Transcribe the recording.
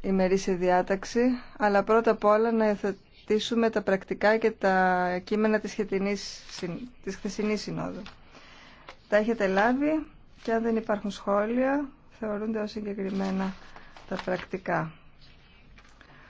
ημερήσια διάταξη, αλλά πρώτα απ' όλα να εθετήσουμε τα πρακτικά και τα κείμενα της, χετινής, της χθεσινής συνόδου. Τα έχετε λάβει και αν δεν υπάρχουν σχόλια θεωρούνται ως συγκεκριμένα τα πρακτικά.